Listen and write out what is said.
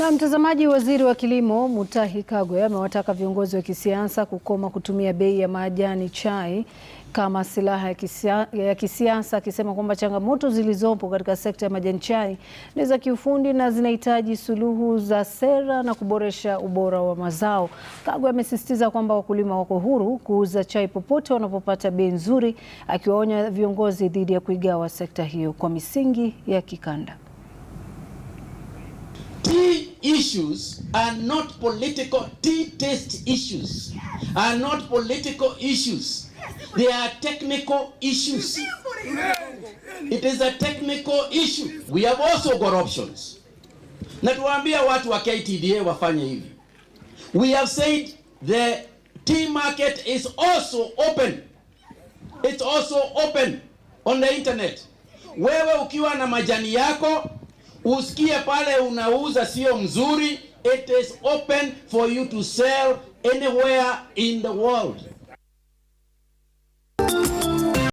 Na mtazamaji, waziri wa kilimo Mutahi Kagwe amewataka viongozi wa kisiasa kukoma kutumia bei ya majani chai kama silaha ya, kisia, ya kisiasa akisema kwamba changamoto zilizopo katika sekta ya majani chai ni za kiufundi na zinahitaji suluhu za sera na kuboresha ubora wa mazao. Kagwe amesisitiza kwamba wakulima wako huru kuuza chai popote wanapopata bei nzuri, akiwaonya viongozi dhidi ya kuigawa sekta hiyo kwa misingi ya kikanda issues are not political tea taste issues are not political issues they are technical issues it is a technical issue we have also got options na tuwaambia watu wa KTDA wafanye hivi we have said the tea market is also open it's also open on the internet wewe ukiwa na majani yako usikie pale unauza sio mzuri. It is open for you to sell anywhere in the world.